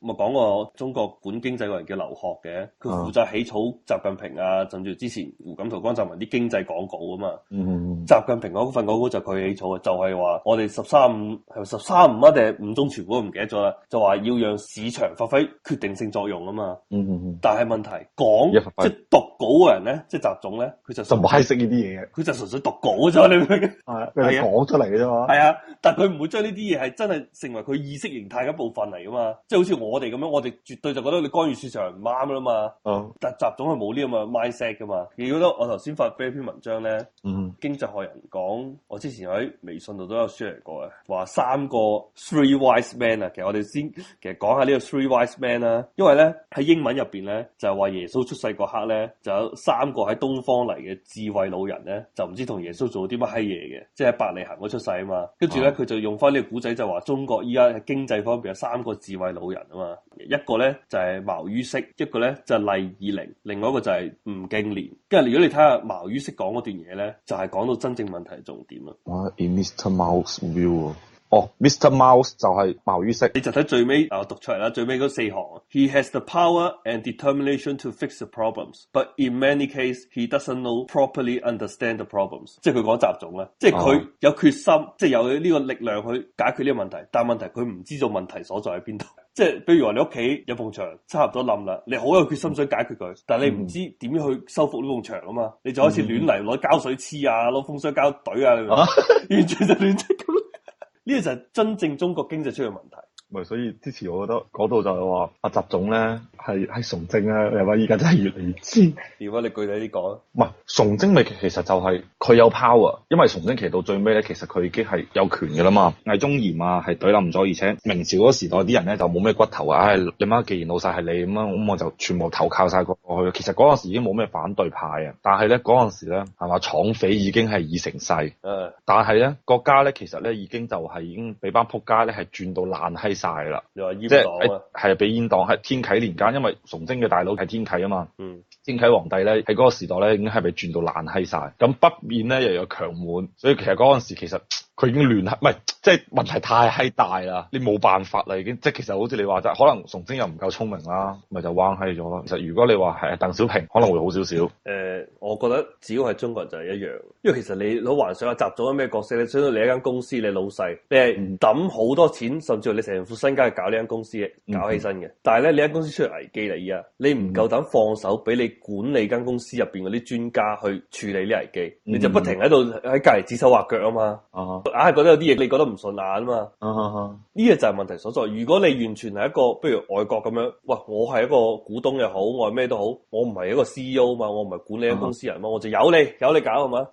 咪講個中國管經濟個人叫劉鶴嘅，佢負責起草習近平啊，甚至之前胡錦濤、江澤民啲經濟講稿啊嘛。嗯、習近平嗰份講稿就佢起草嘅，就係、是、話我哋十三五係十三五一定係五中全部都唔記得咗啦，就話要讓市場發揮決定性作用啊嘛。嗯嗯嗯。嗯嗯但係問題講，即係讀稿個人咧，即係習總咧，佢就唔係識呢啲嘢嘅，佢就純粹讀稿咋，你明嘅？係佢講出嚟嘅啫嘛。係啊，啊，啊，但係佢唔會將呢啲嘢係真係成為佢意識形態嘅部分嚟噶嘛，即係。好似我哋咁樣，我哋絕對就覺得你干預市場唔啱啦嘛。嗯、但係習總係冇呢咁嘅 mindset 噶嘛。如果得我頭先發俾一篇文章咧，嗯、經濟學人講，我之前喺微信度都有 share 過嘅，話三個 three wise men 啊。其實我哋先其實講下呢個 three wise men 啦、啊，因為咧喺英文入邊咧就係話耶穌出世嗰刻咧就有三個喺東方嚟嘅智慧老人咧，就唔知同耶穌做啲乜閪嘢嘅，即係喺伯利恒出世啊嘛。跟住咧佢就用翻呢個古仔就話中國依家喺經濟方面有三個智慧老人。人啊嘛，一個咧就係茅于軾，一個咧就係厲以寧，另外一個就係吳敬璉。跟住如果你睇下茅于軾講嗰段嘢咧，就係、是、講到真正問題嘅重點啦。In Mr. Mao's view 哦，Mr. Mouse 就係謀于色，你就睇最尾，我讀出嚟啦，最尾嗰四行，He has the power and determination to fix the problems，but in many cases he doesn't know properly understand the problems，即係佢講習總啦，即係佢有決心，即係有呢個力量去解決呢個問題，但問題佢唔知道問題所在喺邊度，即係譬如話你屋企有埲牆，差唔多冧啦，你好有決心想解決佢，但你唔知點樣去修復呢埲牆啊嘛，你就開始亂嚟攞膠水黐啊，攞風箱膠懟啊，完全就亂咁。呢個就係真正中國經濟出現問題。所以之前我覺得嗰度就係話阿習總咧係係崇禎咧、啊，係咪依家真係越嚟越知。如果、啊、你具體呢講唔係崇禎，咪其其實就係佢有 power，因為崇禎期到最尾咧，其實佢已經係有權嘅啦嘛。魏忠賢啊，係懟冧咗，而且明朝嗰時代啲人咧就冇咩骨頭啊。唉，你媽既然老細係你咁啊，咁我就全部投靠晒過去。其實嗰陣時已經冇咩反對派啊，但係咧嗰陣時咧係嘛，闖匪已經係已成勢？誒、嗯，但係咧國家咧其實咧已經就係已經俾班撲街咧係轉到爛閪。大啦，又話話煙係啊，俾閹黨喺天啟年間，因為崇禎嘅大佬係天啟啊嘛，嗯，天啟皇帝咧喺嗰個時代咧已經係咪轉到爛閪晒咁，北面咧又有強滿，所以其實嗰陣時其實。佢已經聯合，唔係即係問題太閪大啦，你冇辦法啦已經。即係其實好似你話齋，可能崇禎又唔夠聰明啦，咪就彎閪咗咯。其實如果你話係鄧小平，可能會好少少。誒、呃，我覺得只要係中國人就係一樣，因為其實你好幻想啊，集咗咩角色咧？想當你一間公司，你老細、嗯、你係抌好多錢，甚至乎你成副身家去搞呢間公司，嗯、搞起身嘅。但係咧，嗯、你間公司出嚟危機嚟啊，你唔夠膽放手俾你管理間公司入邊嗰啲專家去處理呢危機，你就不停喺度喺隔籬指手畫腳啊嘛。哦、啊。硬係覺得有啲嘢你覺得唔順眼啊嘛，呢個、uh huh. 就係問題所在。如果你完全係一個，譬如外國咁樣，哇，我係一個股東又好，我係咩都好，我唔係一個 CEO 啊嘛，我唔係管理公司人嘛，我就有你有你搞係嘛，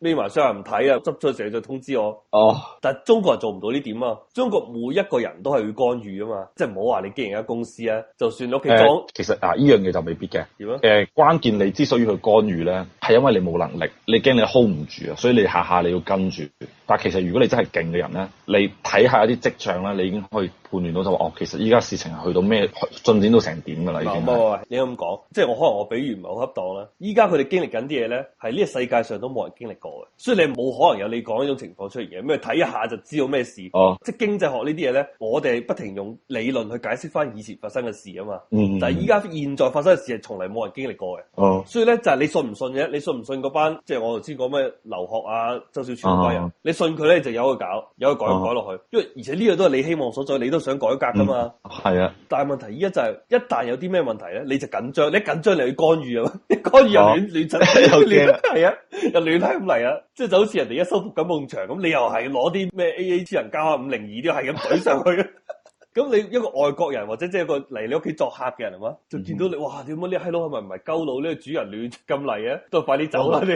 匿埋箱唔睇啊，執錯事就通知我。哦、uh，huh. 但中國係做唔到呢點啊，中國每一個人都係要干預啊嘛，即係唔好話你經營一公司啊，就算屋企裝，其實啊，呢樣嘢就未必嘅。點啊嗎？誒、呃，關鍵你之所以去干預咧，係因為你冇能力，你驚你 hold 唔住啊，所以你下下你要跟住，但如果你真係勁嘅人咧，你睇下一啲跡象咧，你已經去。判斷到就話，哦，其實依家事情係去到咩，進展到成點㗎啦？已經。唔好唔好，你咁講，即係我可能我比喻唔係好恰當啦。依家佢哋經歷緊啲嘢咧，係呢個世界上都冇人經歷過嘅，所以你冇可能有你講呢種情況出現嘅。咩睇一下就知道咩事？哦，即係經濟學呢啲嘢咧，我哋不停用理論去解釋翻以前發生嘅事啊嘛。但係依家現在發生嘅事係從嚟冇人經歷過嘅。哦，所以咧就係、是、你信唔信啫？你信唔信嗰班即係我頭先講咩劉鶴啊、周小川嗰啲人？哦、你信佢咧就有去搞，有去改、哦、改落去。因為而且呢個都係你希望所在，你都。想改革噶嘛？係啊、嗯，但係問題依家就係、是、一旦有啲咩問題咧，你就緊張，你緊張嚟去干預啊嘛，你干預又亂亂執，又亂係啊，又亂係咁嚟啊，即係就好似人哋一修復緊幕牆咁，你又係攞啲咩 A A 私人交下五零二啲係咁懟上去，啊！咁你一個外國人或者即係一個嚟你屋企作客嘅人係嘛，就見到你哇，點解呢？閪佬係咪唔係鳩佬呢？你主人亂咁嚟啊，都快啲走啦你。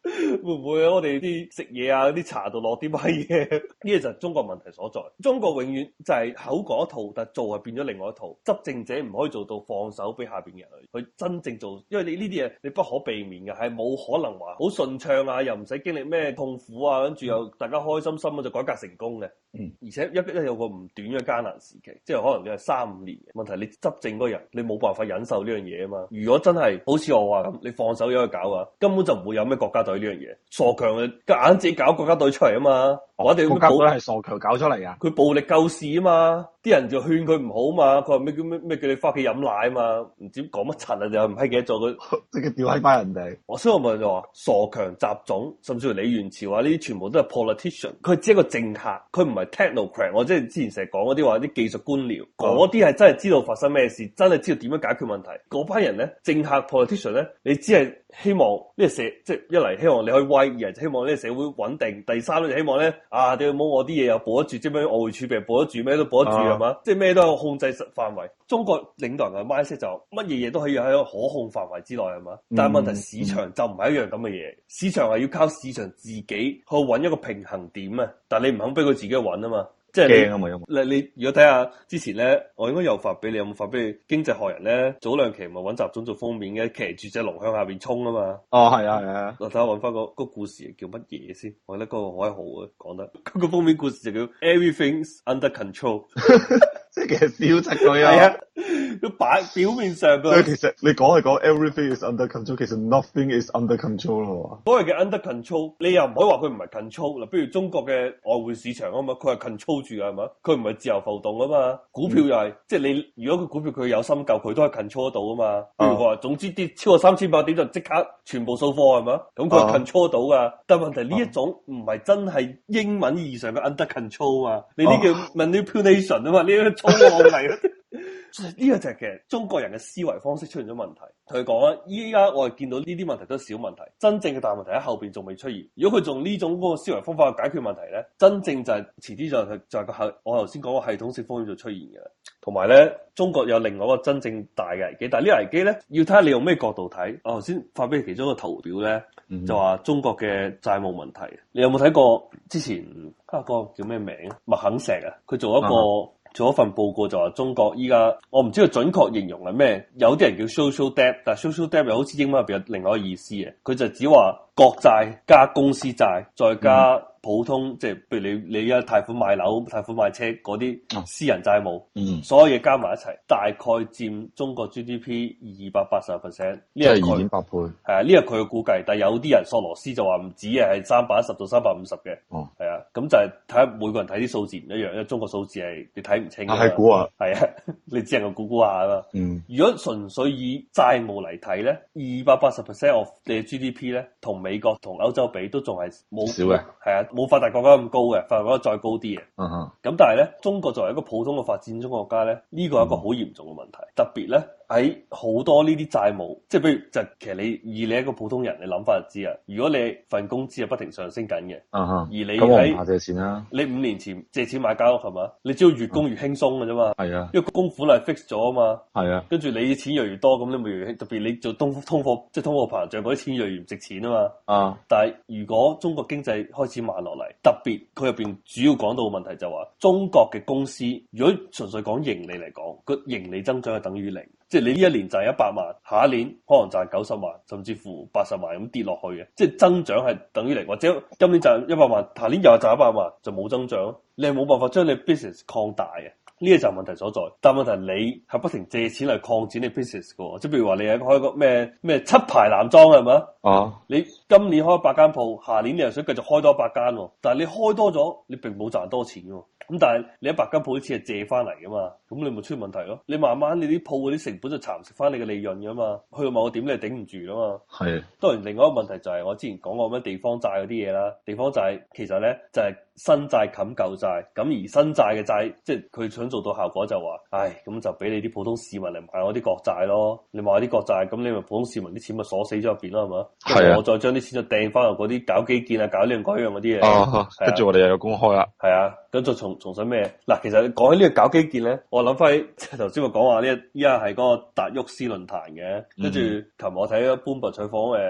會唔會啊？我哋啲食嘢啊，啲茶度落啲乜嘢？呢個就係中國問題所在。中國永遠就係口講一套，但係做係變咗另外一套。執政者唔可以做到放手俾下邊嘅人去真正做，因為你呢啲嘢你不可避免嘅，係冇可能話好順暢啊，又唔使經歷咩痛苦啊，跟住又大家開心心就改革成功嘅。嗯，而且一一有個唔短嘅艱難時期，即係可能你係三五年嘅問題。你執政嗰人，你冇辦法忍受呢樣嘢啊嘛。如果真係好似我話咁，你放手咗去搞啊，根本就唔會有咩國家。呢樣嘢，傻強啊，夾硬自己搞國家隊出嚟啊嘛！我哋、哦、國家隊係傻強搞出嚟啊！佢暴力救市啊嘛，啲人就勸佢唔好嘛，佢話咩叫咩咩叫你翻屋企飲奶啊嘛，唔知講乜柒啊又唔閪記得做佢，即係 吊閪翻人哋。我所以我咪就話，傻強習總，甚至乎李源潮啊呢啲，全部都係 politician，佢只係一個政客，佢唔係 technocrat。我即係之前成日講嗰啲話啲技術官僚，嗰啲係真係知道發生咩事，真係知道點樣解決問題。嗰班人咧，政客 politician 咧，你只係。希望呢個社即係一嚟希望你可以威，二嚟希望呢個社會穩定，第三咧就希望咧啊，你冇我啲嘢又保得住，即係咩外匯儲備保得住，咩都保得住係嘛，uh huh. 即係咩都喺控制範圍。中國領導人嘅 mindset 就乜嘢嘢都可以喺可控範圍之內係嘛？但係問題市場就唔係一樣咁嘅嘢，uh huh. 市場係要靠市場自己去揾一個平衡點啊！但係你唔肯俾佢自己去揾啊嘛？即係驚啊嘛，因為你你如果睇下之前咧，我應該有發俾你，有冇發俾你？經濟學人咧，早兩期咪揾習總做封面嘅，騎住隻龍向下邊衝啊嘛。哦，係啊，係啊。嗯、看看我睇下揾翻個、那個故事叫乜嘢先？我覺得嗰個好還好啊，講得。嗰、那個封面故事就叫 Everything's Under Control， 即係其實笑出鬼啊。 都擺表面上噶，其實你講係講 everything is under control，其實 nothing is under control 咯。所謂嘅 under control，你又唔可以話佢唔係 control 嗱。比如中國嘅外匯市場啊嘛，佢係 control 住噶係嘛，佢唔係自由浮動啊嘛。股票又係，嗯、即係你如果個股票佢有心救，佢都係 control 到啊嘛。譬如話，uh. 總之跌超過三千八點就即刻全部收貨係嘛，咁佢係 control 到噶。Uh. 但問題呢一種唔係、uh. 真係英文意義上嘅 under control 啊，你呢叫 manipulation 啊嘛、uh. uh.，呢個操縱嚟。呢一只其實中國人嘅思維方式出現咗問題，同佢講啊，依家我哋見到呢啲問題都係小問題，真正嘅大問題喺後邊仲未出現。如果佢仲用呢種嗰個思維方法去解決問題咧，真正就係、是、遲啲就係、是、就係個係我頭先講個系統性方面就出現嘅啦。同埋咧，中國有另外一個真正大嘅危機，但係呢個危機咧要睇下你用咩角度睇。我頭先發俾你其中一個圖表咧，就話中國嘅債務問題，你有冇睇過之前家下、啊那個叫咩名麥肯錫啊？佢做一個。嗯做一份報告就話中國依家，我唔知道準確形容係咩，有啲人叫 social debt，但 social debt 又好似英文入面有另外一個意思嘅，佢就只話國債加公司債再加。嗯普通即係，譬如你你而家貸款買樓、貸款買車嗰啲，啊、私人債務，嗯，所有嘢加埋一齊，大概佔中國 GDP 二百八十 percent。呢係二點八倍。係啊，呢個係佢嘅估計，但係有啲人索羅斯就話唔止，哦、啊，係三百一十到三百五十嘅。哦，係啊，咁就係睇下每個人睇啲數字唔一樣，因為中國數字係你睇唔清。係估啊。係啊，啊，你只能夠估估下咯。嗯。如果純粹以債務嚟睇咧，二百八十 percent of 嘅 GDP 咧，同美國同歐洲比都仲係冇少嘅。係啊。冇發達國家咁高嘅，發達國家再高啲嘅，咁、嗯、哼但係咧，中國作為一個普通嘅發展中國家咧、呢、這個係一個好嚴重嘅問題，嗯、特別咧。喺好多呢啲債務，即係譬如就其實你以你一個普通人，你諗法就知啊。如果你份工資係不停上升緊嘅，uh、huh，而你喺、嗯嗯、你五年前借錢買家屋係嘛？你只要越供越輕鬆嘅啫嘛。係啊、uh，huh。因為供款係 fix 咗啊嘛。係啊、uh，跟、huh。住你錢又越多，咁你咪越，你越特別。你做通通貨，即係通貨膨脹，嗰啲錢越嚟越唔值錢啊嘛。啊、uh，huh。但係如果中國經濟開始慢落嚟，特別佢入邊主要講到問題就話，中國嘅公司如果純粹講盈利嚟講，個盈利增長係等於零。即係你呢一年賺一百萬，下一年可能賺九十萬，甚至乎八十萬咁跌落去嘅，即係增長係等於零，或者今年賺一百萬，下年又賺一百萬，就冇增長，你係冇辦法將你 business 擴大嘅。呢個就係問題所在，但問題係你係不停借錢嚟擴展你嘅 business 嘅喎，即係譬如話你係開個咩咩七牌男裝係咪？啊！你今年開一百間鋪，下年你又想繼續開多一百間喎，但係你開多咗，你並冇賺多錢喎。咁但係你一百間鋪啲錢係借翻嚟嘅嘛，咁你咪出問題咯。你慢慢你啲鋪嗰啲成本就蠶食翻你嘅利潤嘅嘛，去到某個點你係頂唔住嘅嘛。係的。當然，另外一個問題就係、是、我之前講過咩地方債嗰啲嘢啦，地方債其實咧就係、是。新債冚舊債，咁而新債嘅債，即係佢想做到效果就話，唉，咁就俾你啲普通市民嚟買我啲國債咯。你買我啲國債，咁你咪普通市民啲錢咪鎖死咗入邊咯，係嘛？係、啊、我再將啲錢就掟翻入嗰啲搞基建啊，搞呢樣嗰樣嗰啲嘢。跟住、啊、我哋又要公開啦。係啊。跟住重重申咩？嗱，其實講起呢個搞基建咧，我諗翻起頭先、嗯、我講話呢，依家係嗰個達沃斯論壇嘅。跟住琴日我睇咗《半壁採訪》誒。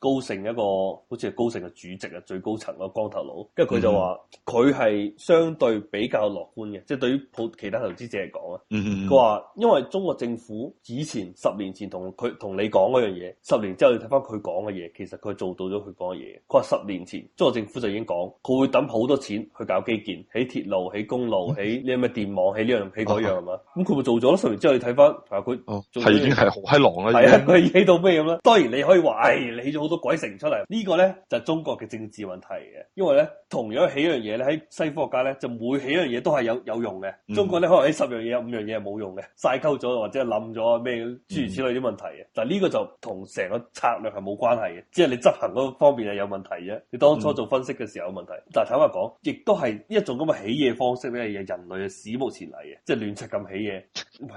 高盛一個好似係高盛嘅主席啊，最高層咯，光頭佬。跟住佢就話：佢係相對比較樂觀嘅，即係對於普其他投資者嚟講啊。佢話：因為中國政府以前十年前同佢同你講嗰樣嘢，十年之後你睇翻佢講嘅嘢，其實佢做到咗佢講嘅嘢。佢話十年前中國政府就已經講，佢會抌好多錢去搞基建，起鐵路、起公路、起你係咪電網、起呢樣、起嗰樣啊？咁佢咪做咗？十年之後你睇翻，同埋佢已經係好閪狼啦。係啊，佢起到咩咁啦？當然你可以話：唉，你都鬼城出嚟，這個、呢個咧就係、是、中國嘅政治問題嘅，因為咧同樣起一樣嘢咧喺西方國家咧就每起一樣嘢都係有有用嘅，中國咧可能起十樣嘢有五樣嘢係冇用嘅，晒溝咗或者係冧咗咩諸如此類啲問題嘅，嗱呢個就同成個策略係冇關係嘅，即係你執行嗰方面係有問題嘅。你當初做分析嘅時候有問題，嗯、但係坦白講亦都係一種咁嘅起嘢方式咧，人類嘅史無前例嘅，即係亂七咁起嘢。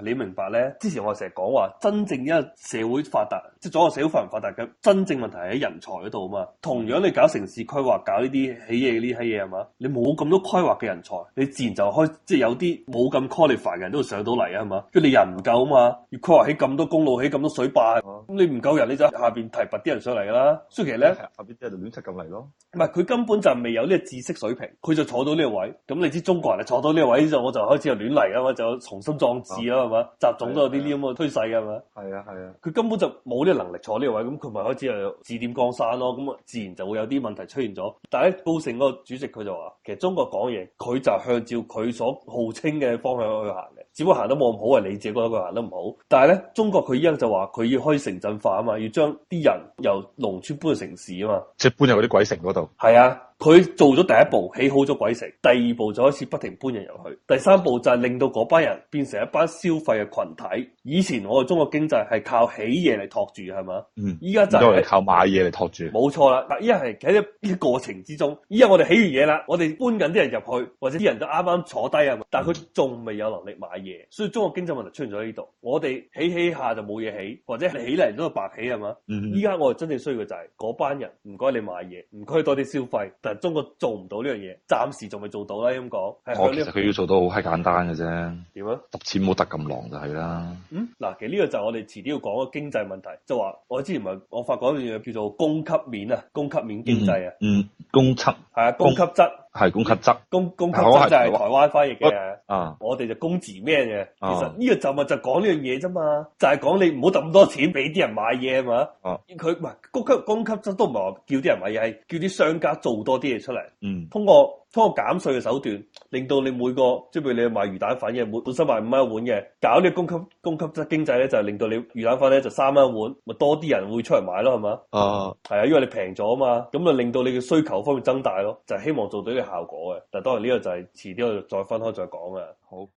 你明白咧？之前我成日講話，真正因為社會發達，即係整個社會發唔發達嘅真正，真正問題。喺人才嗰度啊嘛，同樣你搞城市規劃，搞呢啲起嘢呢啲嘢係嘛？你冇咁多規劃嘅人才，你自然就開即係有啲冇咁 qualified 嘅人都會上到嚟啊，係嘛？即係你人唔夠啊嘛，要規劃起咁多公路，起咁多水壩，咁你唔夠人，你就下邊提拔啲人上嚟啦。所以其實咧，下邊即係亂出咁嚟咯。唔係佢根本就未有呢個知識水平，佢就坐到呢個位。咁你知中國人咧坐到呢個位之後，我就開始又亂嚟啊嘛，就重新壯志啦，係嘛？習總都有啲啲咁嘅趨勢嘅係嘛？係啊係啊，佢根本就冇呢個能力坐呢個位，咁佢咪開始又。指點江山咯，咁啊自然就會有啲問題出現咗。但係咧，高盛個主席佢就話，其實中國講嘢，佢就係向照佢所號稱嘅方向去行嘅。只不過行得冇咁好，係你自己覺得佢行得唔好。但係咧，中國佢依家就話佢要開城鎮化啊嘛，要將啲人由農村搬去城市啊嘛，即係搬入嗰啲鬼城嗰度。係啊，佢做咗第一步，起好咗鬼城，第二步就開始不停搬人入去，第三步就係令到嗰班人變成一班消費嘅群體。以前我哋中國經濟係靠起嘢嚟托住，係嘛？嗯，依家就係因為係靠買嘢嚟托住。冇錯啦，依家係喺呢啲過程之中，依家我哋起完嘢啦，我哋搬緊啲人入去，或者啲人都啱啱坐低啊，但係佢仲未有能力買。所以中國經濟問題出現咗喺呢度，我哋起起下就冇嘢起，或者起嚟都係白起係嘛？依家、嗯、我哋真正需要嘅就係、是、嗰班人，唔該你買嘢，唔該多啲消費，但係中國做唔到呢樣嘢，暫時仲未做到啦。咁講，我其實佢要做到好閪簡單嘅啫。點啊？揼錢冇揼咁狼就係啦。嗯，嗱，其實呢樣、嗯啊、個就我哋遲啲要講嘅經濟問題，就話我之前咪我，我發覺一樣嘢叫做供給面啊，供給面經濟啊、嗯，嗯，供，供給係啊，供給質。係供給側，供、供給側就係台灣翻譯嘅，啊，我哋就供字咩嘅，啊、其實呢個就咪就講呢樣嘢啫嘛，就係講你唔好抌咁多錢俾啲人買嘢啊嘛，啊，佢唔係供給側，供給側都唔係話叫啲人買嘢，係叫啲商家做多啲嘢出嚟。嗯，通過。通過減稅嘅手段，令到你每個，即係譬如你賣魚蛋粉嘅，每本身賣五蚊一碗嘅，搞啲供給供給制經濟咧，就係令到你魚蛋粉咧就三蚊一碗，咪多啲人會出嚟買咯，係嘛？啊，係啊，因為你平咗啊嘛，咁就令到你嘅需求方面增大咯，就係希望做到呢個效果嘅。但係當然呢個就係遲啲我哋再分開再講啊。好。